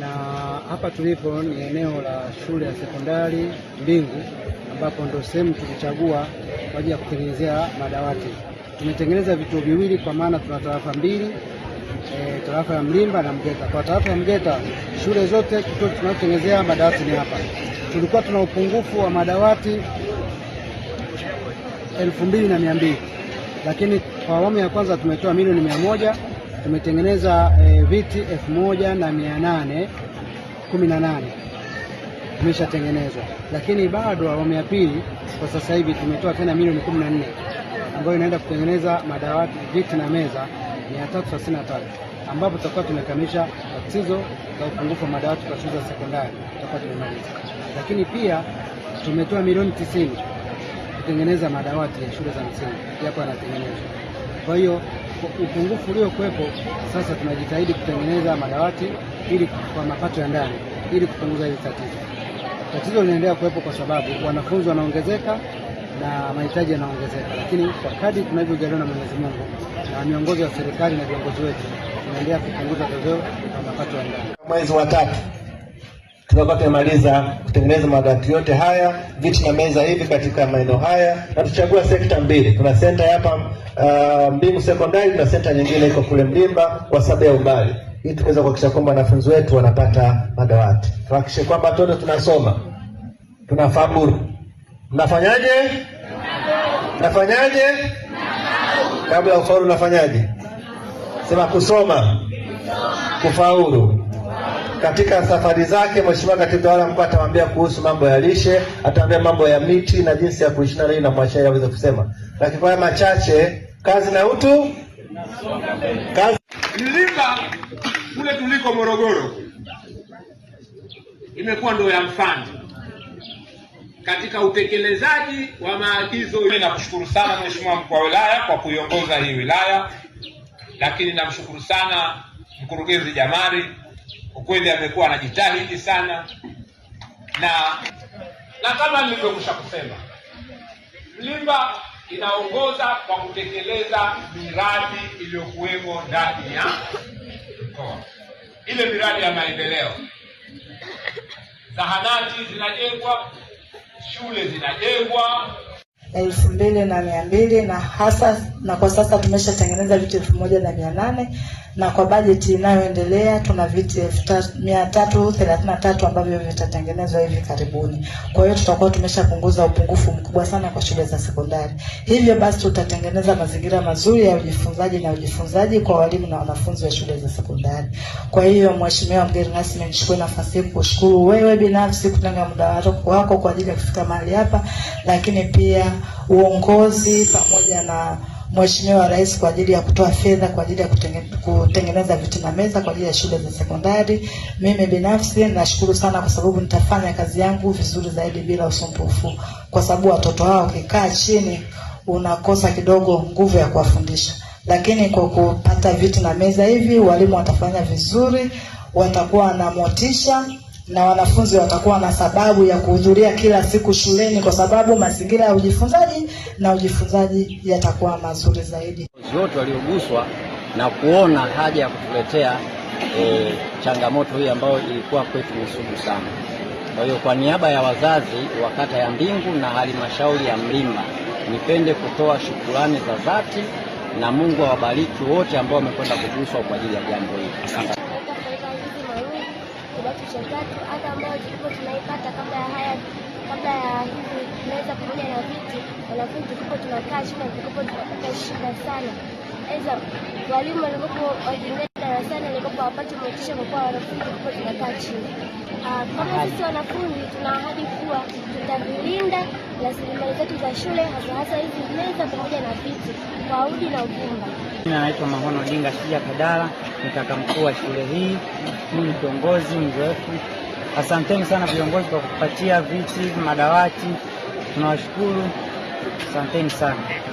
na hapa tulipo ni eneo la shule ya sekondari Mbingu, ambapo ndio sehemu tulichagua kwa ajili ya kutengenezea madawati. Tumetengeneza vituo viwili, kwa maana tuna tarafa mbili E, tarafa ya Mlimba na Mgeta. Kwa tarafa ya Mgeta shule zote kituo tunaotengenezea madawati ni hapa. Tulikuwa tuna upungufu wa madawati elfu mbili na mia mbili lakini kwa awamu ya kwanza tumetoa milioni mia moja tumetengeneza e, viti elfu moja na mia nane kumi na nane vimeshatengenezwa, lakini bado awamu ya pili kwa sasa hivi tumetoa tena milioni 14 ambayo inaenda kutengeneza madawati, viti na meza 333 ambapo tutakuwa tumekamilisha tatizo la upungufu wa madawati kwa shule za sekondari, tutakuwa tumemaliza. Lakini pia tumetoa milioni tisini kutengeneza madawati ya shule za msingi, yapo yanatengenezwa. Kwa hiyo upungufu uliokuwepo, sasa tunajitahidi kutengeneza madawati ili kwa mapato ya ndani ili kupunguza hili tatizo. Tatizo linaendelea kuwepo kwa sababu wanafunzi wanaongezeka na mahitaji yanaongezeka, lakini kwa kadri tunavyojaliwa na Mwenyezi Mungu na miongozo ya serikali na viongozi wetu tunaendelea kupunguza tatizo la mapato ya ndani. Mwezi wa tatu tutakuwa tumemaliza kutengeneza madawati yote haya, viti na meza hivi katika maeneo haya, na tuchagua sekta mbili. Kuna senta hapa uh, Mbingu Sekondari, na senta nyingine iko kule Mlimba kwa sababu ya umbali, ili tuweza kuhakikisha kwamba wanafunzi wetu wanapata madawati, tuhakikishe kwamba watoto tunasoma, tunafaburu. Mnafanyaje? Nafanyaje? kabla ya ufaulu nafanyaje? Sema kusoma, kufaulu katika safari zake mheshimiwa katibu tawala mkuu atamwambia kuhusu mambo ya lishe, atamwambia mambo ya miti na jinsi ya kuishi na na mwashairi aweze kusema. Lakini kwa machache, kazi na utu kazi. Mlimba kule tuliko Morogoro imekuwa ndio ya mfano katika utekelezaji wa maagizo. Nakushukuru sana mheshimiwa mkuu wa wilaya kwa kuiongoza hii wilaya, lakini namshukuru sana mkurugenzi Jamari kwa kweli amekuwa anajitahidi sana, na na kama nilivyokusha kusema, Mlimba inaongoza kwa kutekeleza miradi iliyokuwemo ndani ya mkoa, ile miradi ya maendeleo. Zahanati zinajengwa, shule zinajengwa elfu mbili na mia mbili na hasa na kwa sasa tumeshatengeneza viti elfu moja na mia nane na kwa bajeti inayoendelea tuna viti elfu mia tatu thelathini na tatu ambavyo vitatengenezwa hivi karibuni. Kwa hiyo tutakuwa tumeshapunguza upungufu mkubwa sana kwa shule za sekondari. Hivyo basi tutatengeneza mazingira mazuri ya ujifunzaji na ujifunzaji kwa walimu na wanafunzi wa shule za sekondari. Kwa hiyo, Mheshimiwa mgeni rasmi, nichukue nafasi hii kushukuru wewe binafsi kutenga muda wako kwa ajili ya kufika mahali hapa, lakini pia uongozi pamoja na Mheshimiwa Rais kwa ajili ya kutoa fedha kwa ajili ya kutengeneza viti na meza kwa ajili ya shule za sekondari. Mimi binafsi nashukuru sana kwa sababu nitafanya kazi yangu vizuri zaidi bila usumbufu, kwa sababu watoto hao ukikaa chini unakosa kidogo nguvu ya kuwafundisha, lakini kwa kupata viti na meza hivi walimu watafanya vizuri, watakuwa na motisha na wanafunzi watakuwa na sababu ya kuhudhuria kila siku shuleni, kwa sababu mazingira ya ujifunzaji na ujifunzaji yatakuwa mazuri zaidi. Wote walioguswa na kuona haja ya kutuletea e, changamoto hii ambayo ilikuwa kwetu ni sugu sana. Kwa hiyo kwa niaba ya wazazi wa kata ya Mbingu na halmashauri ya Mlimba nipende kutoa shukurani za dhati, na Mungu awabariki wote ambao wamekwenda kuguswa kwa ajili ya jambo hili kidato cha tatu, hata ambayo tulikuwa tunaipata kabla ya haya kabla ya hivi meza pamoja na viti, wanafunzi tulikuwa tunakaa shule, tulikuwa tunapata shida sana. eza walimu walikuwa wakiingia darasani, walikuwa wapate motisha kwa kuwa wanafunzi tulikuwa tunakaa chini. Ah, kama sisi wanafunzi tuna ahadi kuwa tutavilinda rasilimali zetu za shule, hasa hasa hizi meza pamoja na viti kwa udi na uvumba. Jina naitwa Mahono dinga Shija Kadala, ni kaka mkuu wa shule hii. Mimi ni kiongozi mzoefu. Asanteni sana viongozi kwa kupatia viti, madawati, tunawashukuru. Asanteni sana.